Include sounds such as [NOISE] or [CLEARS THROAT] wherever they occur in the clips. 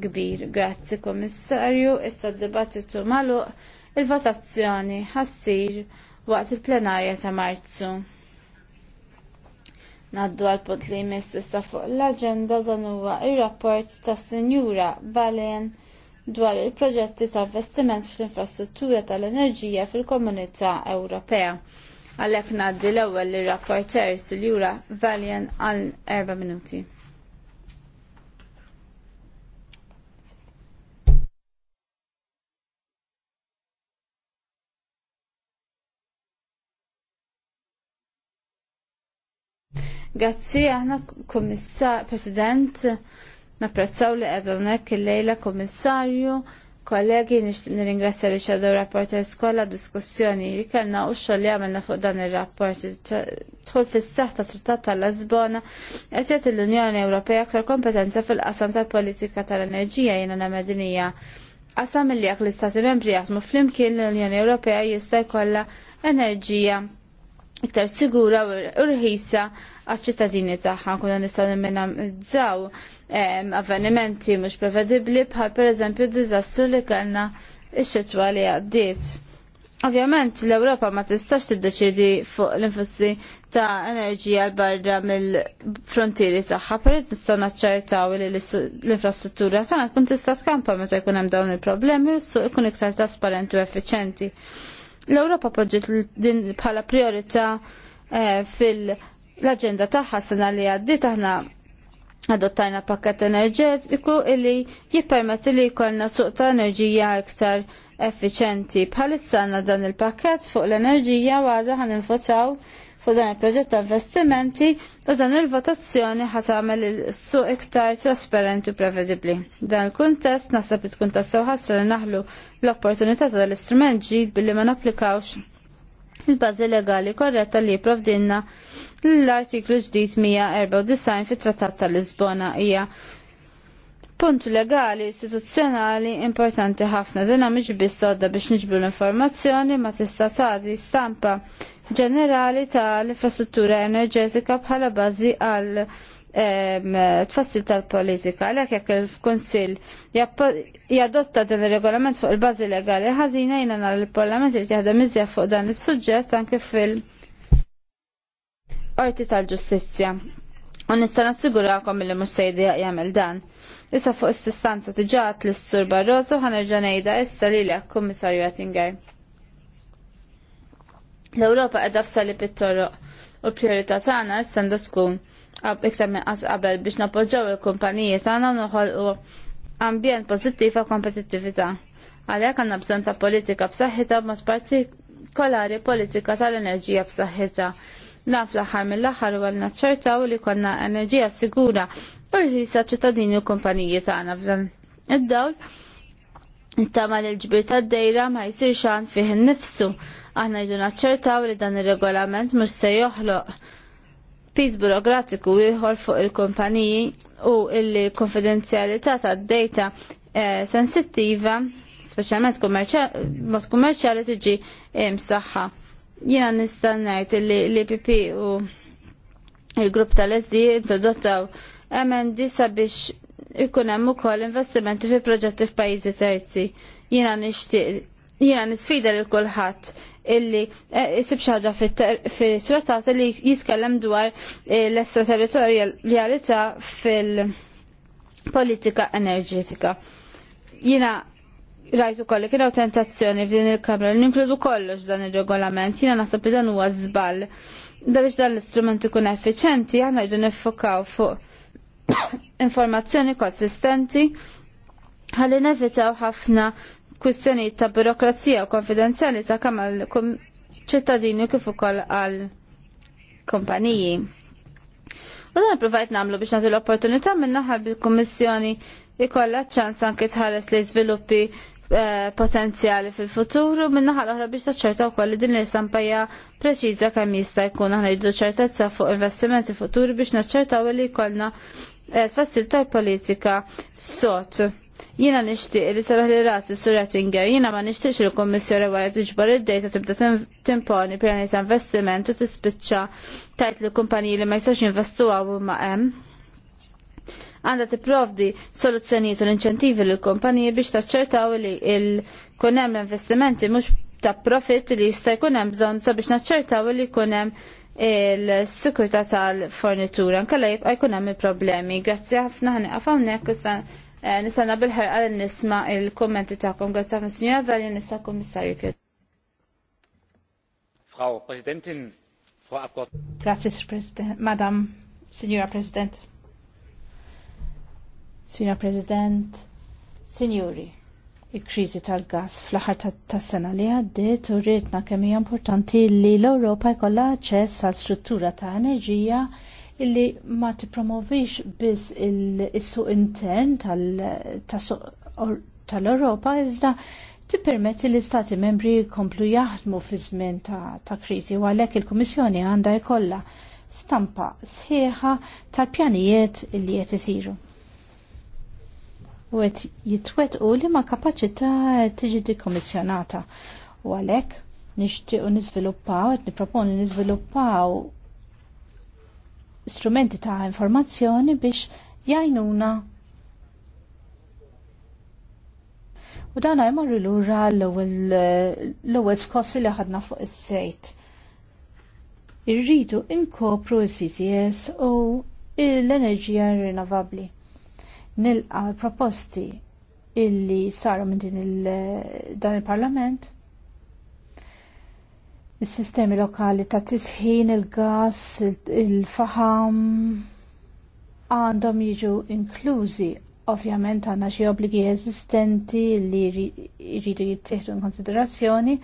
kbir. Grazzi Komissarju, issa d-dibattitu magħluq il-votazzjoni ħassir waqt il-plenarja ta' Marzu. Naddu għal punt li jmiss issa fuq l-agenda dan huwa il rapport ta' Sinjura Balen dwar il-proġetti ta' investiment fl-infrastruttura tal-enerġija fil-Komunità Ewropea. Għalhekk ngħaddi l-ewwel lir rapporter siljura Valien għal erba' minuti. Grazzi aħna komissar, president, napprezzaw li għazawnek il-lejla komissarju, kollegi nirringrazzja li xadu rapporter skola diskussjoni li kellna u xoll li għamilna fuq dan il-rapport tħol fis-saħ ta' trattat tal-Lisbona qed jagħti l-Unjoni Ewropea aktar kompetenza fil-qasam tal-politika tal-enerġija jiena namedinija. Qasam li jekk l-Istati Membri jaħdmu flimkien l-Unjoni Ewropea jista' jkollha enerġija iktar sigura u rħisa għal-ċittadini tagħha kuna nistgħu nimminamizzaw avvenimenti mhux prevedibbli bħal pereżempju d-diżastru li kellna ix xitwa li għaddiet. Ovvjament l-Ewropa ma tistax tiddeċidi fuq l-infussi ta' enerġija l-barra mill-frontieri tagħha, perid nistgħu naċċertaw li l-infrastruttura tagħna tkun tista' tkampa meta jkun hemm dawn il-problemi u ikun iktar trasparenti u effiċenti. L-Ewropa poġġet din bħala priorità eh, fil-aġenda tagħha sena li għaddiet aħna adottajna pakket enerġetiku illi jippermetti li jkollna suq ta' enerġija iktar effiċenti. Bħalissa għandna dan il-pakket fuq l-enerġija u għadha ħan fuq dan il-proġett ta' investimenti u dan il-votazzjoni ħat għamel il-suq iktar trasparenti u prevedibbli. Dan il-kuntest naħseb it tkun tassew ħasra li naħlu l-opportunità ta' l-istrument ġid billi ma napplikawx il-bażi legali korretta li jipprovdinna l-artiklu ġdid 194 fit-Trattat tal-Lisbona hija punt legali istituzzjonali importanti ħafna. Dina mħiġ bistodda biex niġbu l-informazzjoni ma tista' tagħti stampa ġenerali tal-infrastruttura enerġetika bħala bażi għal tfassil tal-politika, għalhekk jekk il-Kunsill jadotta din ir-regolament fuq il-bażi legali ħażina jina nara l-Parlament li jaħdem mizja fuq dan is-suġġett anke fil- Qorti tal-Ġustizzja. U nista' nassigurakom li mhux se jgħamil dan. Issa fuq ististanza tiġat l-Sur Barroso ħanerġa' ngħidha issa lilek Kummissarju Attinger. L-Ewropa qiegħda f'sali pittoru u l-priorità tagħna issa għandha tkun iktar minn qas qabel biex nappoġġaw il-kumpaniji tagħna u noħolqu ambjent pożittiv għal kompetittività. Għalhekk għandna bżonn ta' politika b'saħħita b'mod partikolari politika tal-enerġija b'saħħita. Naf l-aħħar mill-aħħar u għalna li konna enerġija sigura u rħisa ċittadini u kumpaniji tagħna f'dan id-dawl. Tama l-ġbir ta' d-dejra ma jisir xan fih nifsu. Aħna jdu naċċertaw li dan il-regolament mux se joħloq piż burokratiku ieħor fuq il-kumpaniji u il-konfidenzjalità ta' d-dejta eh, sensittiva, speċjalment mod kummerċjali tiġi msaħħa. Jena nistannajt li l-IPP u il-grupp tal-SD introdottaw emendi sabiex ikun hemm ukoll investimenti fi proġetti f'pajjiżi terzi. Jiena nishtiq, jiena nisfida lil kulħadd illi eh, isib xi ħaġa fit-trattat li jiskallem dwar eh, l-estraterritorjalità fil-politika enerġetika. Jiena Rajtu kolli kienu tentazzjoni f'din il-kamra li inkludu kollox dan il-regolament, jina nasab li dan huwa żball. Da biex dan l istrumenti ikun effiċenti, aħna jdu nifokaw fuq [COUGHS] informazzjoni konsistenti ħalli nevitaw ħafna kwistjonijiet ta' burokrazija u konfidenzjali ta' kemm ċittadini kif ukoll għal kumpaniji. U dan provajt namlu biex nagħtu l-opportunità minn naħa bil-Kummissjoni ikolla ċans anke tħares li żviluppi Eh, potenzjali fil-futuru minnaħal oħra biex taċċertaw wkoll li din l-istampajja preċiża kemm jista' jkun aħna jiddu ċertezza fuq investimenti futuri biex naċċertaw li jkollna eh, tfassil politika sot. Jiena nixtieq li sarah li rasi sur Rettinger, jiena ma nixtieqx li l-Kommissjoni wara tiġbor id-dejta tibda timponi pjani ta' investiment u tispiċċa tajt li kumpaniji li ma jistax investu għaw ma' hemm għandha tipprovdi soluzzjoniet u l-inċentivi lill kumpaniji biex taċċertaw li jkun hemm investimenti mhux ta' profit li jista' jkun hemm bżonn sabiex naċċertaw li jkun hemm il-sikurta tal-fornitura. Nkalla jibqa' jkun hemm il-problemi. Grazzi ħafna ħanieqaf hawnhekk issa eh, nisanna bil-ħerqa li nisma' il-kummenti tagħkom. Grazzi ħafna Sinjora Valli nista' Kummissarju kif. Frau Präsidentin, Frau Abgeordnete. Grazie, Madam, Signora President. Sina President, Signori, il-kriżi tal-gas fl-aħħar tas-sena li għaddiet u rritna kemm hija importanti li l-Ewropa jkollha aċċess għal struttura ta' enerġija illi ma tippromovix biss il-suq intern tal-Ewropa iżda tippermetti li stati membri jkomplu jaħdmu fi żmien ta', ta kriżi u għalhekk il-Kummissjoni għandha jkollha stampa sħiħa tal-pjanijiet li qed isiru u għet jitwet u li ma kapacita tiġi dikomissjonata. U għalek, nishtiqu nizviluppaw, għet niproponi nizviluppaw strumenti ta' informazzjoni biex jajnuna U dan jmarru l-ura l-ewwel skossi li ħadna fuq is-sejt. Irridu inkopru s-CCS u l-enerġija rinnovabbli nilqa l-proposti illi saru minn din il dan il-Parlament. Is-sistemi lokali ta' tisħin, il-gas, il-faham għandhom jiġu inklużi ovvjament għandna xi obbligi eżistenti li jridu jittieħdu in konsiderazzjoni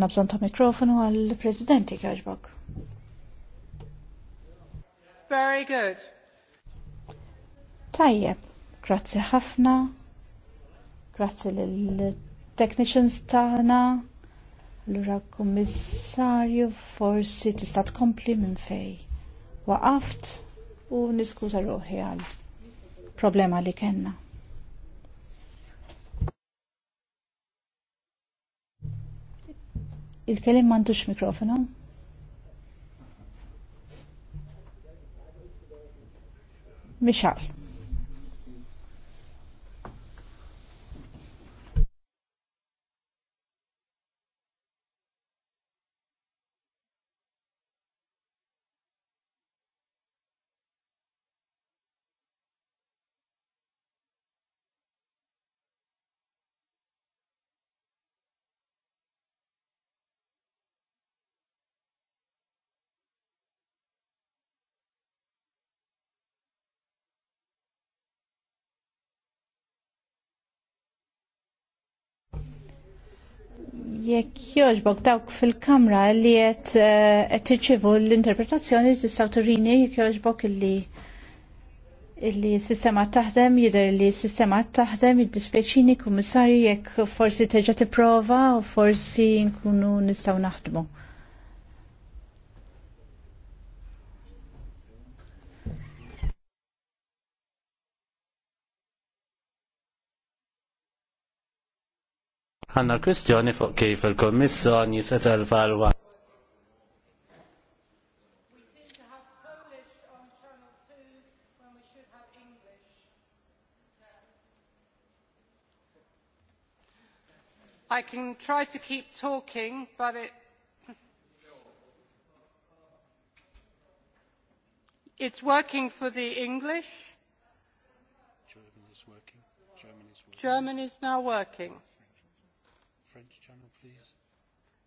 Aħna bżon ta' mikrofonu għall-Presidenti Kajbok. Very good. Tajjeb, grazzi ħafna, grazzi l-technicians tagħna, l-ura kommissarju, forsi tistat tkompli minn fej. Waqaft u niskuża ruħi għal problema li kellna. Il-kelim mandux mikrofonu. Mixal. Jekk jogħġbok dawk fil-kamra li qed eh, tirċivu l-interpretazzjoni tista' turini jekk jogħġbok illi illi s-sistema taħdem, jidher li s-sistema taħdem, id-dispeċini kummissarju jekk forsi teġa tipprova u forsi nkunu nistgħu naħdmu. Għanna l-kwestjoni fuq kif il-Kommissjoni setel telvalwa. I can try to keep talking, but it it's working for the English. German is working. German is, working. German is now working.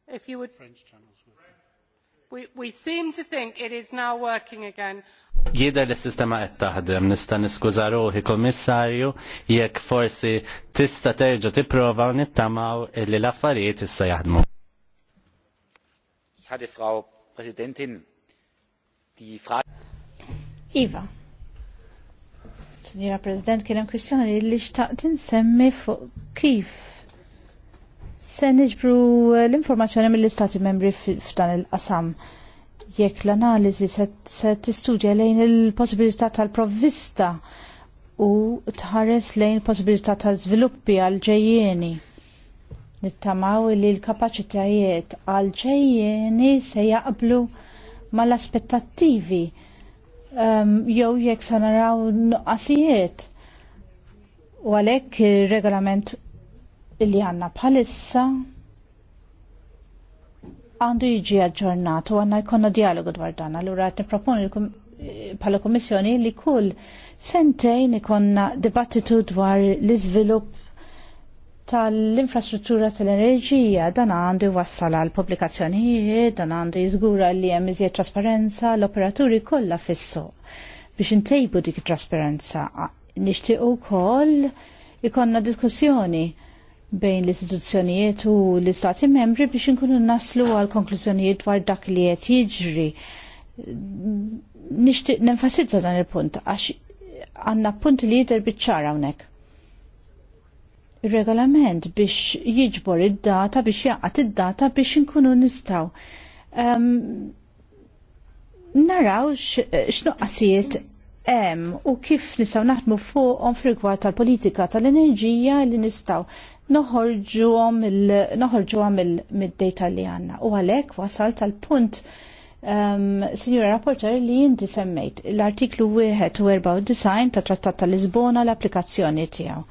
If you would... French channels working. We, we seem to think it is now working again. Jida li s-sistema qed taħdem, nista' niskuża ruħi kummissarju jekk forsi tista' terġa' tipprova u nittamaw li l-affarijiet issa jaħdmu. Ħadi Frau Presidentin, di frage Iva. Sinjora President, kien hemm kwistjoni li xtaqt insemmi fuq kif se niġbru eh, l-informazzjoni mill-Istati membri f'dan il-qasam. Jekk l-analiżi se tistudja lejn il-possibilità tal-provvista u tħares lejn possibilità tal-żviluppi għal-ġejjeni. Nittamaw li l-kapacitajiet għal-ġejjeni se jaqblu mal-aspettattivi um, jew jekk se naraw nuqqasijiet. U għalhekk ir regolament illi għanna bħalissa għandu jiġi aġġornat u għanna jkonna dialogu dwar dan. Allura għet niproponi bħala kommissjoni li kull sentejn ikonna dibattitu dwar l-izvilup tal-infrastruttura tal-enerġija dan għandu jwassal għal pubblikazzjonijiet, dan għandu jizgura li hemm iżjed trasparenza l-operaturi kollha fissu biex intejbu dik it trasparenza. Nixtieq ukoll ikonna diskussjoni bejn l-istituzzjonijiet u l-istati membri biex inkunu naslu għal konklużjonijiet dwar dak li qed jiġri. Nixtieq nenfasizza dan il-punt għax għandna punt li jidher biċ-ċara hawnhekk. Regolament biex jiġbor id-data biex jaqat id-data biex inkunu nistaw. Um, ehm, naraw x'nuqqasijiet hemm u kif nistgħu naħdmu fuqhom fil-rigward tal-politika tal-enerġija li nistgħu noħorġu għom mid-data li għanna. U għalek wasal tal-punt, um, Signora Rapporter, li jinti semmejt l-artiklu 1 u ta' Trattat tal-Lisbona l-applikazzjoni tijaw.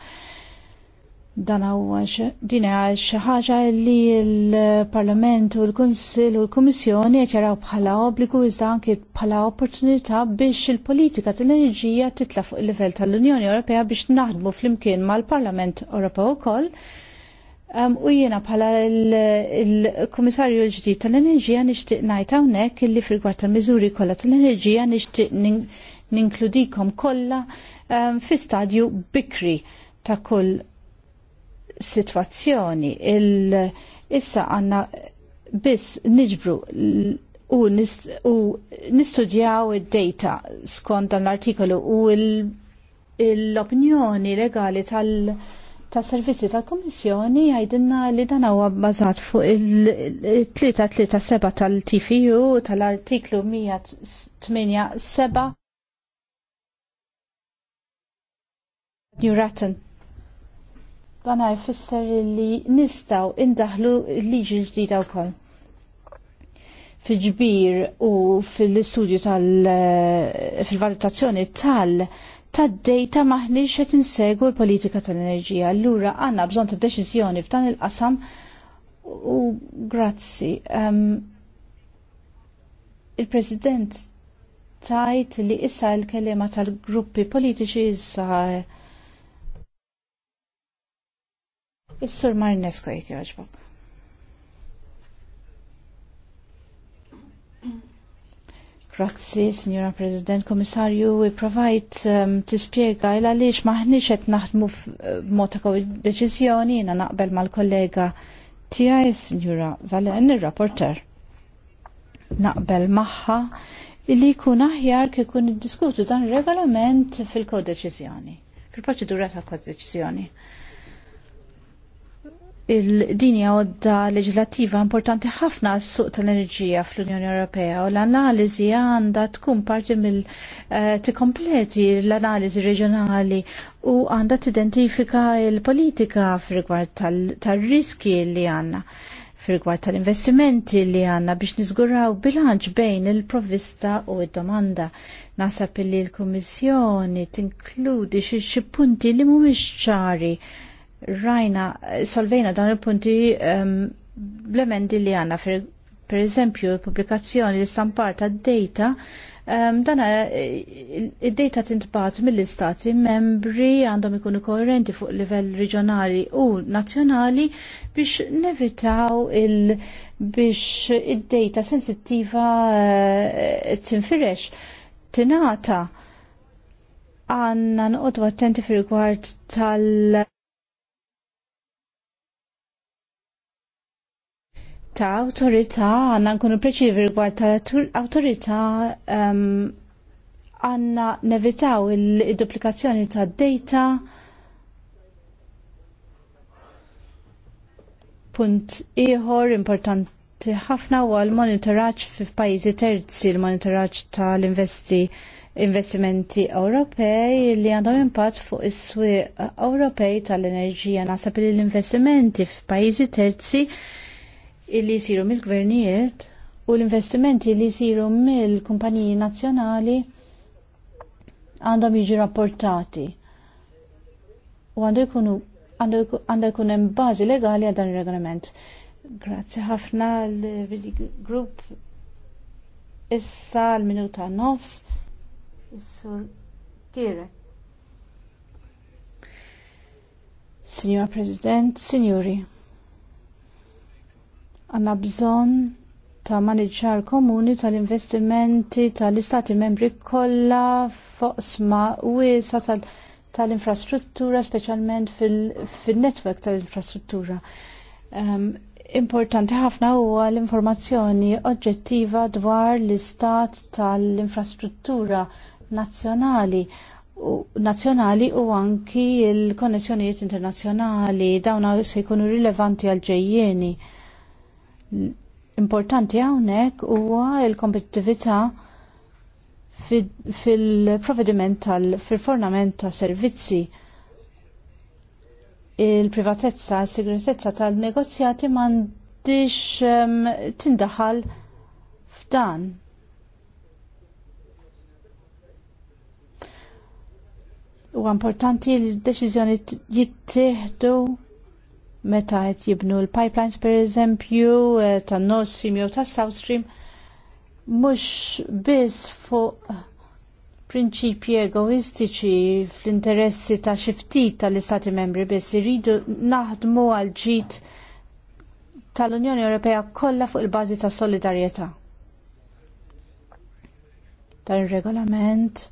Dan huwa din għax xi ħaġa li l-Parlament u l-Kunsill u l-Kummissjoni qed jaraw bħala obbligu iżda anke bħala opportunità biex il-politika tal-enerġija titla' fuq il-livell tal-Unjoni Ewropea biex naħdmu flimkien mal-Parlament Ewropew ukoll. Um, u jiena bħala il-Komissarju l ġdid tal-Enerġija nixtieq ngħid hawnhekk illi fil tal-miżuri kollha tal-Enerġija nixtieq ninkludikom kollha um, fi stadju bikri ta' kull situazzjoni. Issa għanna biss niġbru u, nist, u nistudjaw id-data skont dan l-artikolu u l-opinjoni legali tal- ta' servizzi tal komissjoni għajdinna li dan huwa bbażat fuq il seba tal-TFU tal-artiklu 187 New Ratten Għana jfisser li nistaw indaħlu liġi ġdida wkoll. Fil-ġbir u fil-istudju tal- eh, fil-valutazzjoni tal- tad-dejta maħniġ qed insegu l-politika tal-enerġija. Allura għandna bżonn ta' deċiżjoni f'dan il-qasam u grazzi. Um, il-President tajt li issa l-kelema tal-gruppi politiċi issa Is-Sur Marinesco jek joġbok. Grazzi, Signora President, Komissarju, we provide um, tispiega il għaliex maħniċ qed naħdmu f'mod uh, ta' deċiżjoni jiena naqbel mal-kollega tiegħi, Signora Valen, ir-rapporter. Naqbel magħha illi jkun aħjar kif ikun iddiskutu dan ir-regolament fil-kodeċiżjoni, fil-proċedura ta' kodeċiżjoni il-dinja għodda leġislativa importanti ħafna għas suq tal-enerġija fl-Unjoni Ewropea u l-analizi għanda tkun parti mill eh, tikkompleti l-analizi reġjonali u għanda t-identifika il-politika fil-rigward tal-riski li għanna fil-rigward tal-investimenti li għanna biex nizguraw bilanċ bejn il-provvista u id-domanda. Nasab li l-Kommissjoni tinkludi xi punti li mhumiex ċari rajna, solvejna dan il-punti um, blemendi li għanna, per eżempju, il-publikazzjoni l-istampar ta' data, um, ehm, dana eh, id-data tintbat mill-istati membri għandhom ikunu koerenti fuq livell regionali u nazzjonali biex nevitaw il- biex id-data sensittiva uh, tinfirex, tinata għanna nqodu attenti fil-gwart tal- ta' autorità għanna nkunu preċivi rigward ta' autorità ehm, għanna um, nevitaw il-duplikazzjoni ta' data punt ieħor importanti ħafna u l monitoraċ fi pajizi terzi l ta' l investi investimenti Ewropej li għandhom impatt fuq is-swieq Ewropej tal-enerġija. Nasab li l-investimenti f'pajjiżi terzi illi jisiru mill-gvernijiet u l-investimenti li jisiru mill-kumpaniji nazzjonali għandhom jiġi rapportati u għandu jkunu jkun hemm bażi legali għal dan ir-regolament. Grazzi ħafna l-Group issa l-minuta nofs is-sur Kire. Signor President, Signori. Għanna bżon ta' maniġar komuni tal-investimenti tal-istati membri kollha foqsma wiesa tal-infrastruttura, speċjalment fil-netwerk tal-infrastruttura. Ehm, importanti ħafna huwa l-informazzjoni oġġettiva dwar l-istat tal-infrastruttura nazzjonali u nazzjonali u anki l-konnessjonijiet internazzjonali dawna se jkunu rilevanti għal ġejjieni importanti hawnhekk huwa l kompetitivita fil-provediment tal fil-fornament ta' servizzi il-privatezza, s-sigretezza tal-negozjati m'għandix um, tindaħal f'dan. Huwa importanti li d-deċiżjoni jittieħdu meta qed jibnu l-pipelines pereżempju eh, tan Nord Stream jew tas South Stream mhux biss fuq prinċipji egoistiċi fl-interessi ta' xi ftit tal-Istati Membri biss iridu naħdmu għal ġid tal-Unjoni Ewropea kollha fuq il-bażi ta' solidarjetà. Dan ir-regolament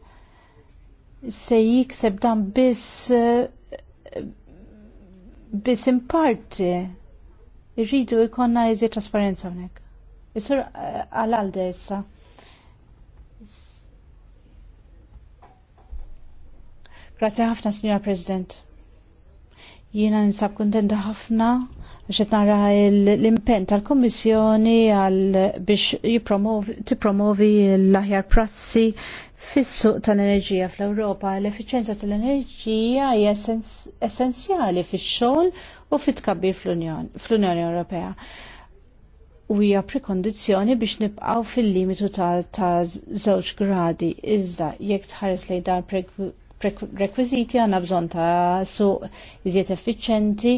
se jikseb dan biss eh, biss parti irridu jkollna iżi trasparenza hawnhekk. Isur għal-għalde eh, issa. Grazie ħafna, Signora President. Jiena ninsab kuntenta ħafna għaxet nara l-impen tal-Komissjoni għal biex jipromovi l-aħjar prassi fis-suq tal-enerġija fl-Ewropa. L-efficienza tal-enerġija hija essenzjali fix-xogħol u fit-tkabbir fl-Unjoni Ewropea. U hija prekondizzjoni biex nibqgħu fil-limitu ta' żewġ gradi iżda jekk tħares lejn dan prerequisiti għandna bżonn ta' suq iżjed effiċenti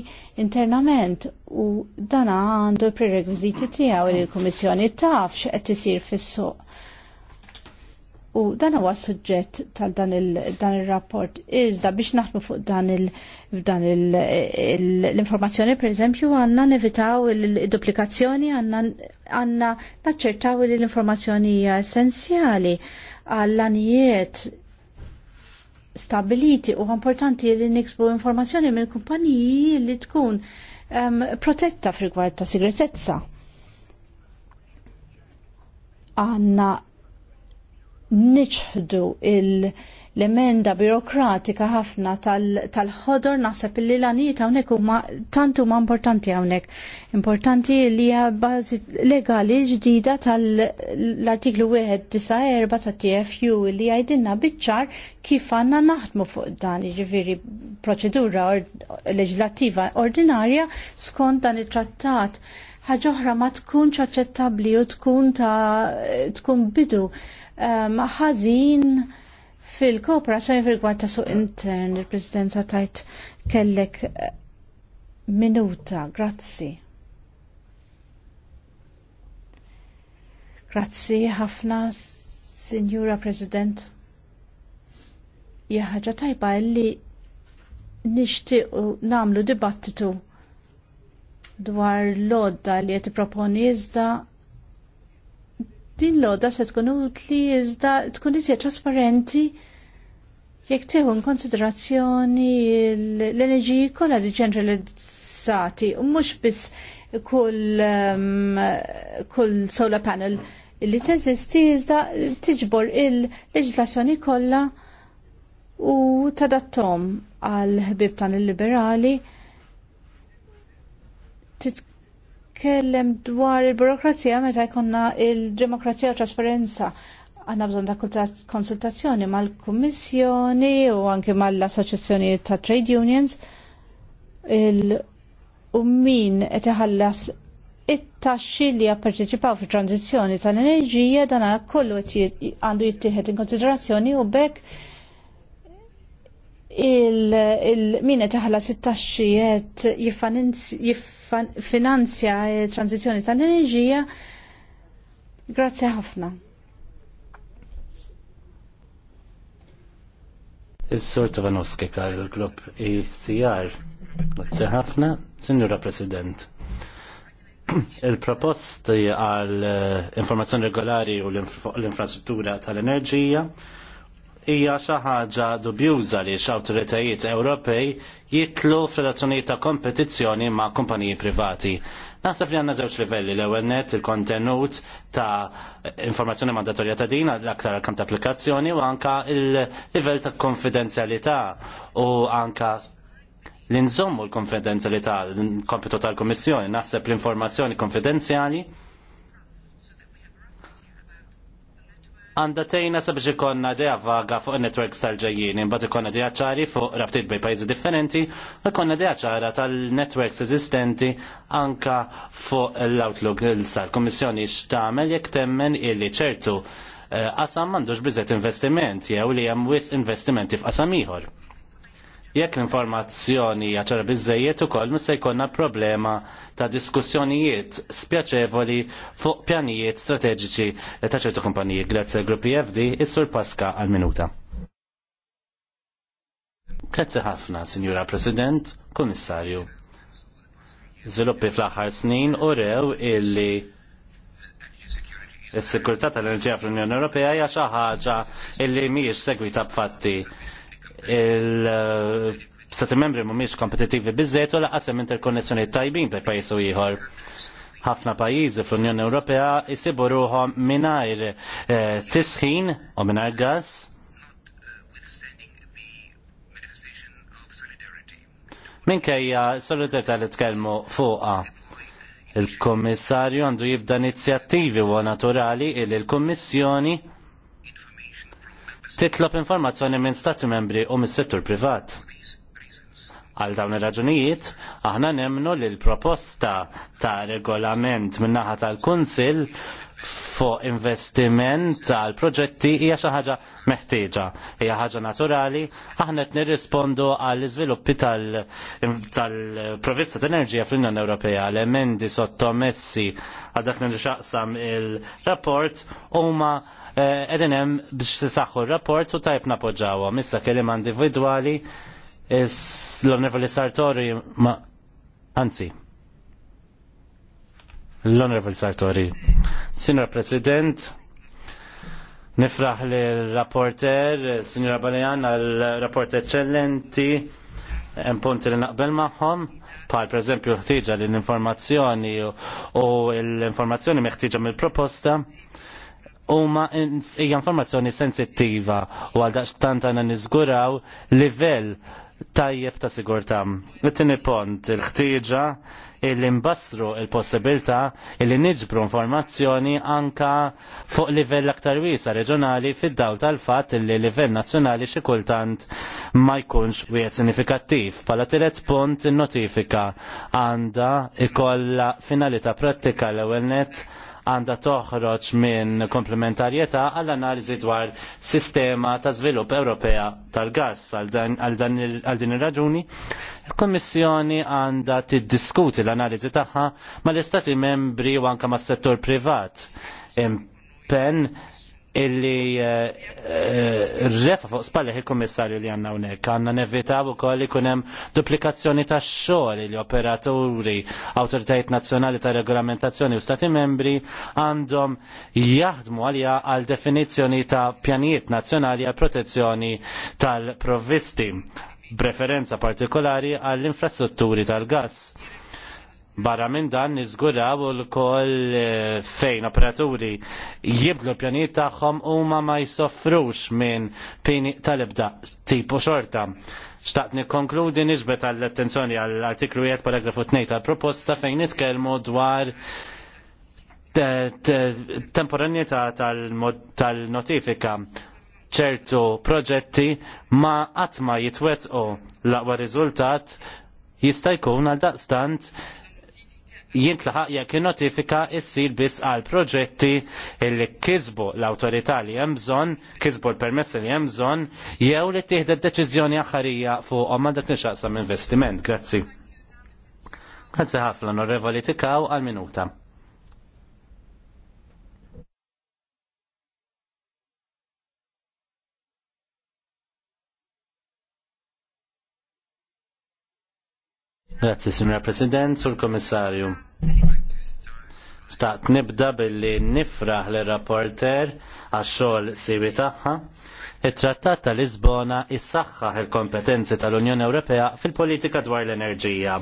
internament u dan għandu l-prerequisiti tiegħu li l-Kummissjoni taf x'qed isir fis-suq. U dan huwa suġġett tal dan il-rapport. Iżda biex naħdmu fuq dan l-informazzjoni, per eżempju, għanna nevitaw il-duplikazzjoni, għanna naċċertaw li l-informazzjoni hija essenzjali għall-anijiet stabiliti u importanti li niksbu informazzjoni mill kumpaniji li tkun um, protetta fil ta' sigretezza. Għanna niċħdu il- l-emenda birokratika ħafna tal-ħodor tal nasab li l-għaniet għawnek u ma tantu ma importanti għonek. Importanti li għabazi legali ġdida tal-artiklu 194 ta' TFU li għajdinna bitċar kif għanna naħdmu fuq dan ġifiri proċedura or leġislativa ordinarja skont dan il-trattat ħagħoħra ma tkunx aċċettabli u tkun ta' tkun bidu ehm, ħażin um, Fil-kooperazzjoni fil-gwar ta' suq intern, il-Presidenza tajt kellek eh, minuta, grazzi. Grazzi ħafna, Signora President. Jaħġa tajba li nixtiequ namlu dibattitu dwar l-odda li jeti proponi iżda din l-odda se tkun utli iżda tkun iżja trasparenti Jekk teħu konsiderazzjoni l-enerġiji kollha diċentralizzati u mhux biss kull um, kull solar panel li teżisti iżda tiġbor il-leġislazzjoni kollha u tadattom għal ħbib tan il-liberali titkellem dwar il-burokrazija meta jkollna il-demokrazija u trasparenza għanna bżon ta' konsultazzjoni mal-Kummissjoni u anke mal-Assoċjazzjoni ta' Trade Unions il-ummin qed iħallas it-taxxi li japparteċipaw fi tranzizzjoni tal-enerġija dan kollu għandu jittieħed in konsiderazzjoni u bekk il-min qed iħallas it-taxxi qed jiffinanzja t tranzizzjoni tal-enerġija. Grazzi ħafna. Is-Sur Tovanowski kar il-grupp ICR. E Grazie ħafna, Sinjura President. [CLEARS THROAT] Il-proposti għal eh, informazzjoni regolari u l-infrastruttura tal-enerġija hija xi ħaġa dubjuża li awtoritajiet Ewropej jitlu f'relazzjonijiet ta' kompetizzjoni ma' kumpaniji privati. Naħseb li għandna żewġ livelli l-ewwel net il-kontenut ta' informazzjoni mandatorja ta' din l-aktar għal ta' applikazzjoni u anka il-livell ta' konfidenzjalità u anka l-inżommu l-konfidenzjalità l-kompitu tal komissjoni Naħseb l-informazzjoni konfidenzjali Għanda tejna sabiex ikonna dea vaga fuq networks tal-ġejjien, imbagħad ikonna dea ċari fuq rabtiet bej pajjiżi differenti, u ikonna dea ċara tal-networks eżistenti anka fuq l-outlook l-sal-Kummissjoni x'tagħmel jekk temmen illi ċertu eh, qasam m'għandux biżet investiment jew li hemm wis investimenti f'qasam ieħor. Jekk l-informazzjoni jaċar bizzejiet ukoll se jkollna problema ta' diskussjonijiet spjaċevoli fuq pjanijiet strateġiċi ta' ċertu kumpaniji. Grazzi gruppi FD, is-Sur Paska għal-minuta. Grazzi ħafna, Sinjura President, Kummissarju. Zviluppi fl-aħħar snin u rew illi is-sikurtà tal-enerġija fl-Unjoni Ewropea hija xi ħaġa illi mhijiex segwita b'fatti il- Stati membri mhumiex kompetittivi bizzet u laqasem interkonnessjoni tajbin bej pajis u ieħor. Ħafna pajjiżi fl-Unjoni Ewropea jsibu ruhom mingħajr eh, tisħin u mingħajr gas. Minkejja solidarità li tkellmu fuqha il-Kommissarju għandu jibda inizjattivi u naturali il il-Kommissjoni il kommissjoni il titlob informazzjoni minn stati membri u mis settur privat. Għal dawn ir-raġunijiet, aħna nemnu li l-proposta ta' regolament min-naħa tal-Kunsil fuq investiment tal proġetti hija xi ħaġa meħtieġa, hija ħaġa naturali, aħna qed nirrispondu għall iżviluppi tal-provista tal enerġija fl-Unjoni Ewropea, l-emendi sottomessi għal dak xaqsam il-rapport huma Eh, edin hemm biex tisaħħu r-rapport u tajb napoġġawha. Missa kellim individwali l-Onorevoli Sartori ma anzi. L-Onorevoli Sartori. Signor President, nifraħ li l-rapporter, Sinjora Balejan, l-rapport eccellenti, hemm punti li naqbel magħhom pal per eżempju ħtieġa l-informazzjoni u l-informazzjoni meħtieġa mill-proposta huma hija informazzjoni sensittiva u għal daqstant na niżguraw livell tajjeb ta' sigurtà. It-tieni pont il-ħtieġa illi mbassru il-possibilità illi niġbru informazzjoni anka fuq livell aktar wiesa reġjonali fid-dawl tal-fatt illi livell nazzjonali xi kultant ma jkunx wieħed sinifikattiv. Pala tiret punt in-notifika għandha ikolla finalità prattika l-ewwel net għandha toħroġ minn komplementarjetà għall analiżi dwar sistema ta' żvilupp Ewropea tal-gass għal din ir-raġuni. Il-Kommissjoni għandha tiddiskuti l-analiżi tagħha mal-Istati membri u anke mas-settur privat impenn illi eh, eh, rrefa fuq spalleħ il-kommissarju li għanna unek, għanna nevitaw u koll ikunem duplikazzjoni ta' xogħol li operaturi, autoritajiet nazzjonali ta' regolamentazzjoni u stati membri għandhom jaħdmu għalja għal definizzjoni ta' pjanijiet nazzjonali għal protezzjoni tal-provvisti, preferenza partikolari għall-infrastrutturi tal-gas Barra minn dan niżguraw l-koll eh, fejn operaturi jibdlu pjanijiet tagħhom huma ma jsofrux minn pini tal-ibda tipu xorta. Xtaqt nikkonkludi nisbet għall-attenzjoni għall-artiklu 1 paragrafu 2 tal-proposta fejn nitkellmu dwar temporanjità tal-notifika ċertu proġetti ma qatt ma jitwetqu l-aqwa riżultat jista' jkun għal daqstant jintlaħaq jekk notifika issir biss għal proġetti li kisbu l-autorità li hemm bżonn, kisbu l-permessi li hemm bżonn, jew li tieħdet deċiżjoni aħħarija fuqhom ma dak nixaqsam investiment. Grazzi. Grazzi ħafna, onorevoli tikaw għal minuta. Grazzi, Signora President, Sur Komissarju. Staqt nibda billi nifraħ l rapporter għax-xogħol siwi tagħha. Il-Trattat ta' Lisbona issaħħaħ il-kompetenzi tal-Unjoni Ewropea fil-politika dwar l-enerġija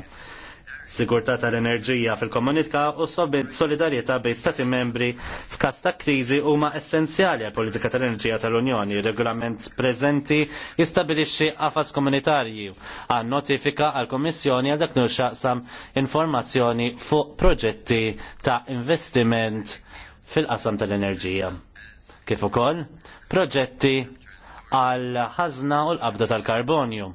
sigurtà tal-enerġija fil-komunità u solidarjetà bejn stati membri f'każ ta' kriżi huma essenzjali għall politika tal-enerġija tal-Unjoni. Regolament preżenti jistabilixxi qafas komunitarji għal notifika għall kummissjoni għal dak nuxaqsam informazzjoni fuq proġetti ta' investiment fil-qasam tal-enerġija. Kif ukoll proġetti għal ħażna u l-qabda tal-karbonju.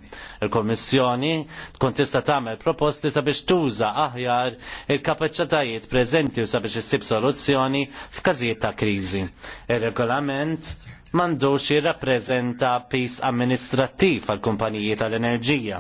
il komissjoni tkun tista' tagħmel proposti sabiex tuża aħjar il-kapaċitajiet preżenti u sabiex issib soluzzjoni f'każijiet ta' kriżi. Ir-regolament mandux jirrappreżenta pis amministrattiv għal kumpaniji tal-enerġija.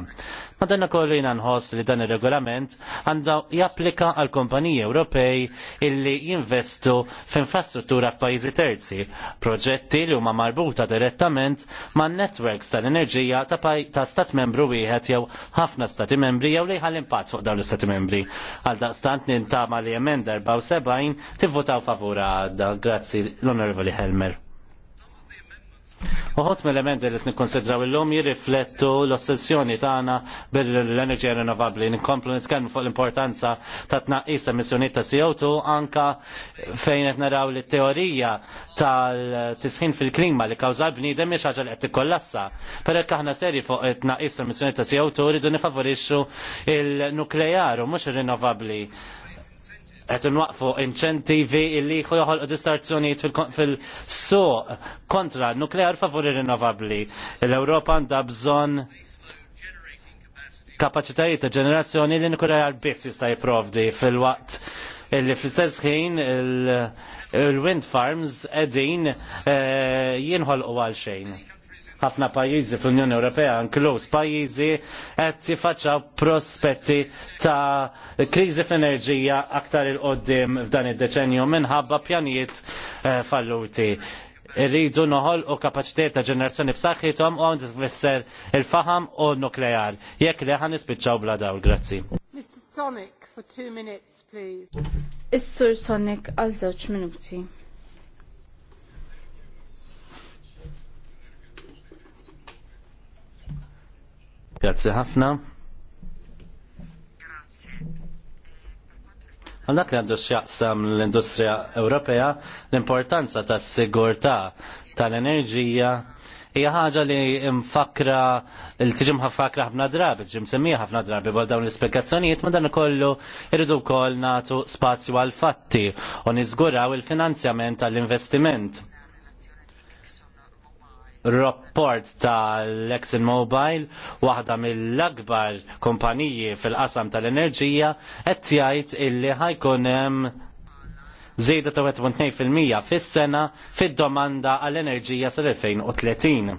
Madanna kollina nħoss li dan il-regolament għandu japplika għal kumpaniji Ewropej illi jinvestu f'infrastruttura f'pajjiżi terzi, proġetti li huma marbuta direttament ma' networks tal-enerġija ta' stat membru wieħed jew ħafna stati membri jew li ħal impatt fuq dawn l-istati membri. Għal daqstant nintama li emenda 74 tivvotaw favura għadda. Grazzi l-Onorevoli Helmer. Uħot mill-elementi li t-nikkonsidraw il-lum jirriflettu l-ossessjoni tagħna bil-enerġija rinnovabli. Nkomplu nitkellmu fuq l-importanza ta' tnaqqis emissjoniet ta' CO2 anka fejn qed naraw li teorija tal-tisħin fil-klima li kawżal bniedem mhix ħaġa li qed tikkollassa. Perhekk aħna seri fuq tnaqqis emissjoniet ta' CO2 rridu nifavorixxu il-nuklejar u mhux ir-rinnovabbli qed inwaqfu inċentivi illi joħolqu distorzjonijiet fil-suq kontra nuklear favur rinnovabbli. L-Ewropa għandha bżonn kapaċitajiet ta' ġenerazzjoni li għal biss jista' jipprovdi fil-waqt illi fl-istess ħin il-wind farms qegħdin eh, jinħolqu għal xejn ħafna pajjiżi fl-Unjoni Ewropea, inkluż pajjiżi qed jifaċċaw prospetti ta' kriżi f'enerġija aktar il-qoddim f'dan id-deċenju minħabba pjanijiet eh, falluti irridu noħol u kapacitet ta' ġenerazzjoni b'saħħithom u għandu tfisser il-faham u nuklear. Jekk li ħan nispiċċaw bla dawl, grazzi. Mr. Sonic, for two minutes, please. Is-Sur Sonic għal żewġ minuti. Grazzi ħafna. Għandak li għandu xjaqsam l-industrija Ewropea l-importanza tas sigurtà tal-enerġija hija ħaġa li mfakra l-tiġim ħafakra ħafna drabi, ġim semmija ħafna drabi bħal dawn l-ispjegazzjonijiet ma dan ikollu irridu wkoll nagħtu spazju għal fatti u niżguraw il-finanzjament għall-investiment rapport tal Mobile waħda mill-akbar kumpaniji fil-qasam tal-enerġija, qed jgħid illi ħajkun hemm żejda ta' 1.2% fis-sena fid-domanda għall-enerġija sal-2030.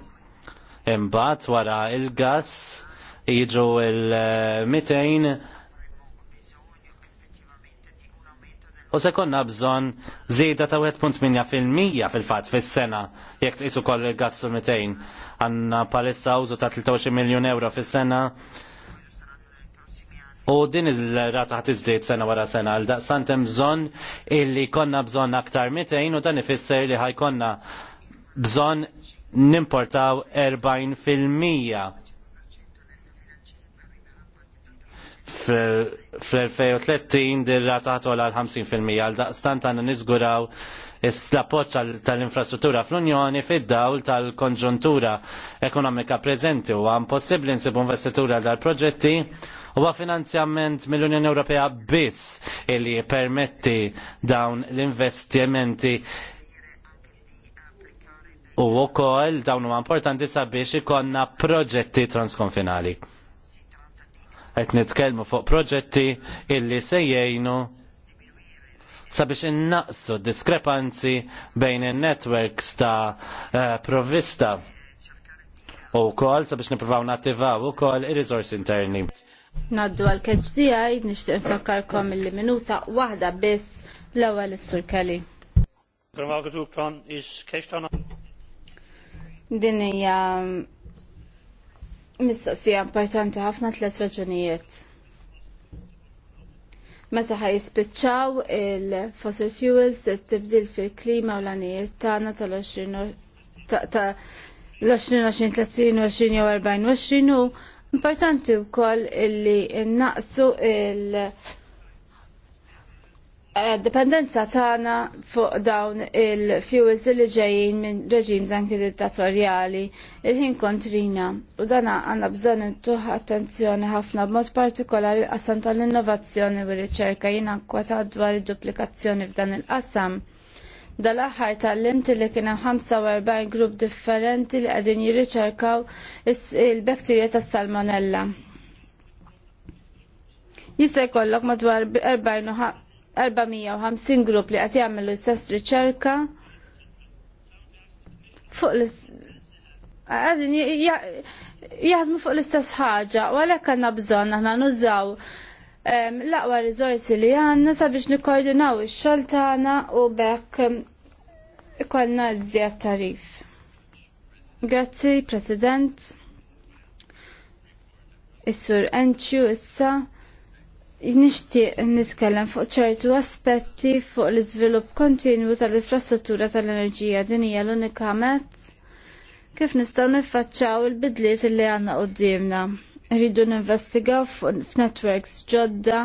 Imbagħad wara il-gass jiġu il-200 u se konna bżon zida ta' 1.8% fil-fat fil-sena jek t-isu koll il-gassu 200 għanna palissa użu ta' 23 miljon euro fil-sena u din il-rata ħat iżdied sena wara sena għal daqsantem bżon illi konna bżon aktar 200 u dan ifisser li ħajkonna bżon nimportaw 40% fl-2030 dir-rata għal 50% għal daqstant għanna nizguraw l-appoċ tal-infrastruttura fl-Unjoni fid-dawl tal-konġuntura ekonomika preżenti u għan possibli nsibu investitura dal-proġetti u finanzjament mill-Unjoni Ewropea biss illi permetti dawn l-investimenti u wkoll dawn huma importanti sabiex ikonna proġetti transkonfinali qed nitkellmu fuq proġetti illi se jgħinu sabiex innaqsu diskrepanzi bejn in-networks ta' eh, provvista u kol sabiex nippruvaw nattivaw u kol il interni. Naddu għal-keġdijaj, nishtiq nfakkarkom il minuta wahda biss l-ewwel is-sur Kelly. Din hija mistoqsija importanti ħafna tliet raġunijiet. Meta ħaj jispiċċaw il-fossil fuels, tibdil fil-klima u l-għanijiet tagħna tal-20 ta' l-20 30 jew 40 u importanti wkoll illi naqsu -il Eh, dipendenza tagħna fuq dawn il-fuels li ġejjin minn reġim zanki dittatorjali il-ħin kontrina u dana għandna bżonn intuħ attenzjoni ħafna b'mod partikolari l-qasam tal-innovazzjoni u r-riċerka jiena kwata dwar id-duplikazzjoni f'dan il-qasam. Dal-aħħar tal-limti li kien hemm 45 grupp differenti li qegħdin jirriċerkaw il-bakterja tas-salmonella. Jista' jkollok madwar 40 450 grupp li qed jagħmlu l-istess riċerka fuq l għazin jaħdmu fuq l-istess ħaġa u għalhekk għandna bżonn aħna nużaw ehm, l-aqwa riżorsi li għandna sabiex nikkoordinaw ix-xogħol tagħna u bekk ehm, ikollna zjed tarif. Grazzi, President. Is-sur Enċu issa Nixtieq nitkellem fuq ċertu aspetti fuq l-iżvilupp kontinwu tal-infrastruttura tal-enerġija din hija l-unika mezz kif nistgħu niffaċċaw il-bidliet li għandna qudiemna. Rridu ninvestigaw f'networks ġodda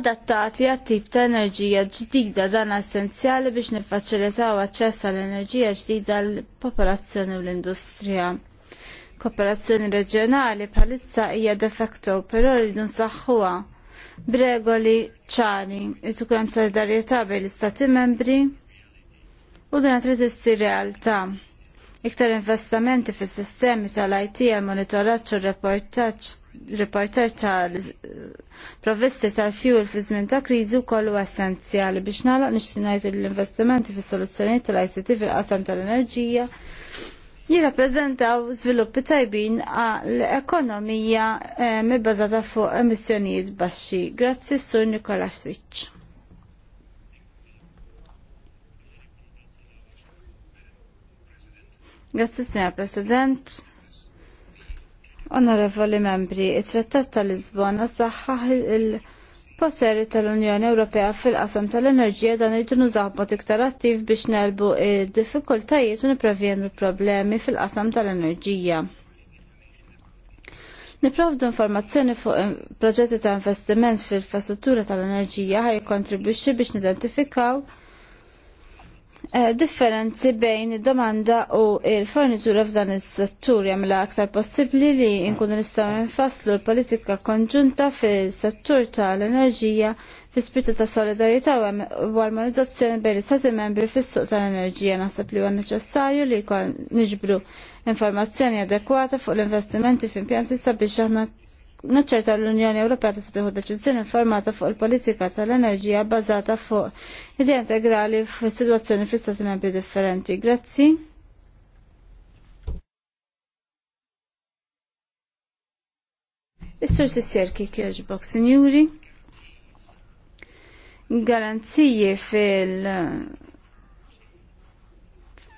adattati għat tip ta' enerġija ġdida dan essenzjali biex niffaċilitaw aċċess għall enerġija ġdida l-popolazzjoni u l-industrija kooperazzjoni reġjonali bħalissa hija de facto, però rridu nsaħħuha b'regoli ċari irid ikun hemm solidarjetà bejn l-istati membri u din trid issir realtà. Iktar investamenti fis sistemi tal-IT għal monitoraġġ u reportaġġ tal-provvisti tal-fuel fi żmien ta' kriżi wkoll essenzjali biex nagħlaq nixtinajt ngħid l-investimenti fis soluzzjonijiet tal-ICT fil-qasam tal-enerġija jirrappreżentaw żviluppi tajbin għal ekonomija eh, mibbażata fuq emissjonijiet baxxi. Grazzi Sur Nikola Switch. Grazzi Signor President. Onorevoli membri, it-trattat tal-Lisbona saħħaħ il- il-poteri tal-Unjoni Ewropea fil-qasam tal-enerġija dan irridu nużaw iktar attiv biex nelbu id-diffikultajiet u niprevjenu problemi fil-qasam tal-enerġija. Niprovdu informazzjoni fuq eh, proġetti ta' investiment fil-infrastruttura tal-enerġija ħaj kontribwixxi biex nidentifikaw Eh, differenzi bejn id-domanda u il-fornitura f'dan is-settur jagħmilha aktar possibbli li nkunu nistgħu nfasslu l-politika konġunta fis-settur tal-enerġija fi spirtu ta' solidarjetà u armonizzazzjoni bejn l-istati membri fis-suq tal-enerġija naħseb li huwa neċessarju li jkun niġbru informazzjoni adekwata fuq l-investimenti f'impjanti sabiex aħna naċċerta l-Unjoni Ewropea tista' tieħu deċiżjoni informata fuq il-politika tal-enerġija bbażata fuq idea integrali f'sitwazzjoni fl-istati membri differenti. Grazzi. Is-sur Sissjerki kieġbok, sinjuri. Garanziji fil-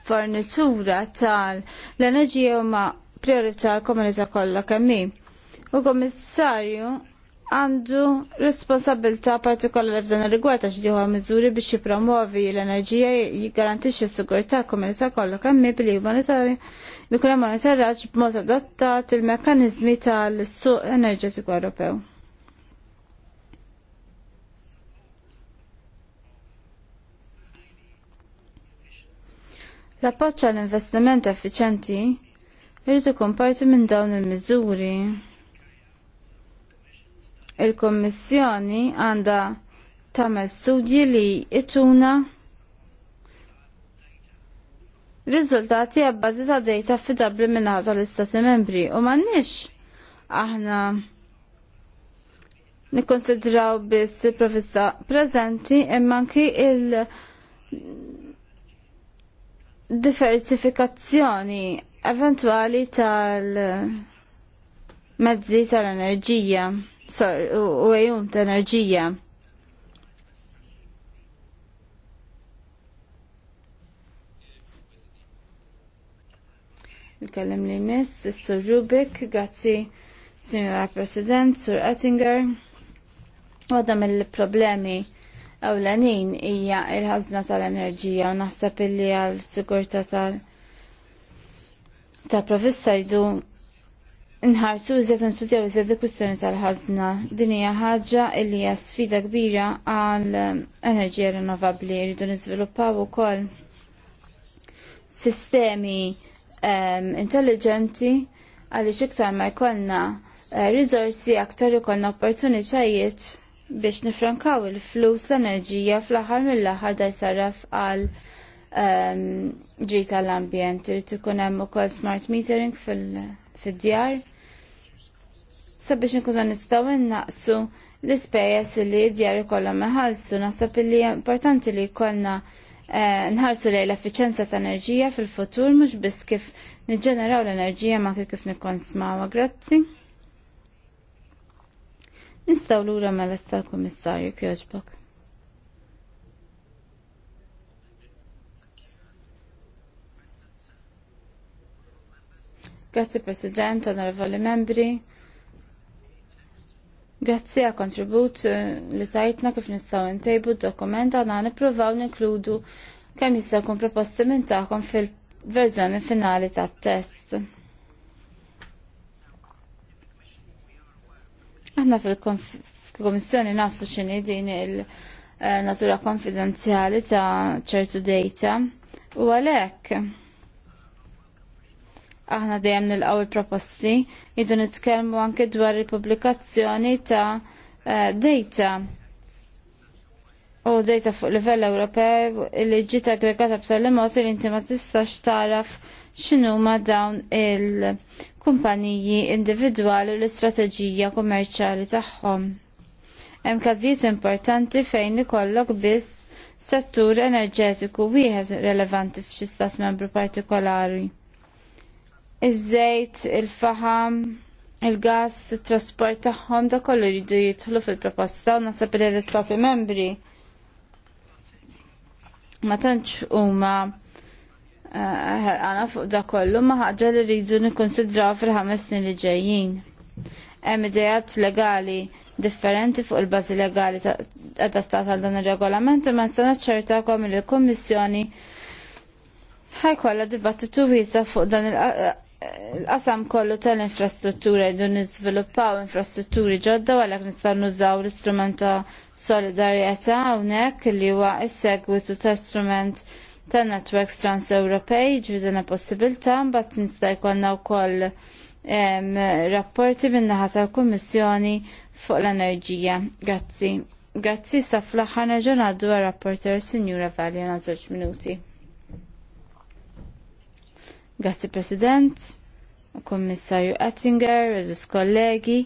fornitura tal-enerġija huma priorità komunità kollha kemm u komissarju għandu responsabilta partikolari f'dan ir-rigward għax diħu miżuri biex jipromuovi l-enerġija jiggarantixxi s-sigurtà komunità kollha kemm bli monitori bikun hemm monitoraġġ b'mod adattat il-mekkaniżmi tal-suq enerġetiku Ewropew. L-appoċċ għall-investiment effiċenti jrid ikun parti minn dawn il-miżuri. Il-Kommissjoni għandha tagħmel studji li ituna riżultati għabbażi ta' data affidabli minn tal-Istati Membri u m'għandniex aħna nikkonsidraw biss il-provista preżenti imma anki il- diversifikazzjoni eventuali tal-mezzi tal-enerġija. tal-mezzi tal-enerġija u għajum ta' enerġija. Nkellem li miss, Sur Rubik, grazzi Signora President, Sur Ettinger. għadam il problemi ewlenin hija il ħazna tal-enerġija u naħseb li għal sigurtà tal- ta' provissa jdu nħarsu iżjed nstudjaw iżjed il-kustjoni tal-ħazna. Din hija ħaġa li hija sfida kbira għal enerġija rinnovabbli jridu niżviluppaw ukoll sistemi um, intelligenti għaliex iktar ma jkollna uh, riżorsi aktar ikollna opportunitajiet biex nifrankaw il-flus l-enerġija fl-aħħar mill-aħħar da jsarraf għal ehm, ġi ġita l-ambjent. Irid ikun hemm ukoll smart metering fil-djar. fil djar sabiex nkunu nistgħu innaqsu l-ispejjeż li d-djar ikollhom iħallsu naħseb li importanti li jkollna eh, nħarsu lejn l-effiċenza ta' enerġija fil-futur mhux biss kif niġġeneraw l-enerġija ma kif nikkonsmawa. Grazzi. Nistgħu lura mela issa l-Kummissarju kjoġbok. Grazie President, onorevoli membri. Grazzi għal kontribut eh, li tajtna kif nistaw intejbu d-dokument għana nipruvaw ninkludu kemm jista' jkun proposti minn tagħkom fil-verżjoni finali tat-test. Aħna fil-Komissjoni nafu x'inhi din il-natura eh, konfidenzjali ta' ċertu data u għalhekk aħna dejjem nilqaw il-proposti, jidu nitkellmu anke dwar il-pubblikazzjoni ta' eh, data u data fuq livell Ewropew li ġiet aggregata b'tali mod li inti ma tistax taraf x'inhuma dawn il-kumpaniji individwali u l-istrateġija kummerċjali tagħhom. Hemm każijiet importanti fejn ikollok biss settur enerġetiku wieħed relevanti f'xi stat membru partikolari iż-żejt, il-faham, il-gas, il-trasport tagħhom da kollu jridu jidħlu fil-proposta u nasab li l-istati membri ma tantx huma eh, ħelqana fuq da kollu ma ħaġa li rridu nikkonsidraw fil-ħames snin li ġejjin. Hemm idejat legali differenti fuq il-bażi legali adattat għal dan ir-regolament imma se naċċertakom il kummissjoni ħajkolla dibattitu wiesa fuq dan il l-qasam kollu tal-infrastruttura jdu nizviluppaw infrastrutturi ġodda għalhekk nistgħu nużaw l-istrument ta' solidarjetà hawnhekk li huwa s-segwitu ta' strument ta' networks trans europej ġvidina possibilità mbagħad nista' jkollna wkoll rapporti min-naħa tal-Kummissjoni fuq l-enerġija. Grazzi. Grazzi Saf fl-aħħar nerġa' ngħaddu għar rapporter Sinjura Valli na' żewġ minuti. Grazie President, Kommissarju Ettinger, Rezis kollegi,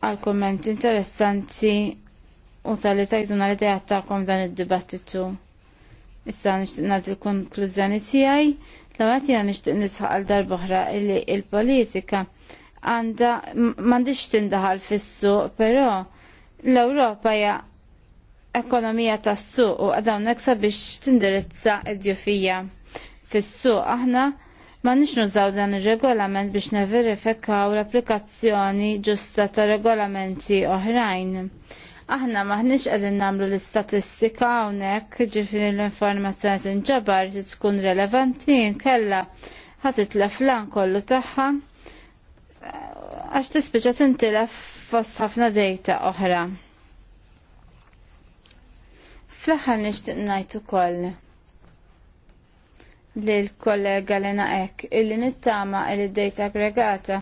għal komment interessanti u tal-li tajduna li tajattakom dan id-dibattitu. Issa nishtiq nagħti l-konklużjoni tiegħi l jiena nixtieq nisħaq għal darbohra illi il politika għanda m'għandix tindaħal fis-suq, però l-Ewropa hija ekonomija tas-suq u għadhom neksa biex tindirizza id-djufija fis-suq aħna ma nix nużaw dan ir-regolament biex neverifikaw l-applikazzjoni ġusta ta' regolamenti oħrajn. Aħna maħniex qegħdin nagħmlu l-istatistika hawnhekk, ġifieri l-informazzjoni inġabar li tkun relevanti nkella ħatit l lan kollu tagħha għax t tintilef fost ħafna dejta oħra. Fl-aħħar nixtieq ngħid ukoll l-kollega Lena Ek illi nittama illi d-dejta aggregata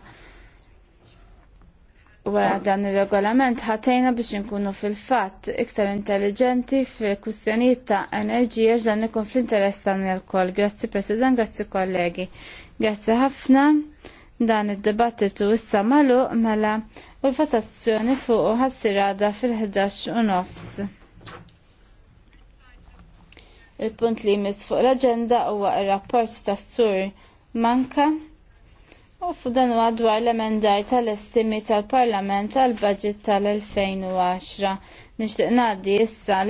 wara dan il-regolament ħatejna biex nkunu fil-fatt iktar intelligenti fil-kustjonijiet ta' enerġija ġdan ikun fl-interess tagħna l-koll. Grazzi President, grazzi kollegi. Grazzi ħafna dan id-dibattitu issa malu mela u l-fasazzjoni fuq ħassirada fil-11 u nofs. Il-punt li jmiss fuq l-agenda huwa ir-rapport ta' sur manka u f'dan huwa dwar l-emendar tal-estimi tal-Parlament tal-Baġit tal-2010. Nixtieq ngħaddi issa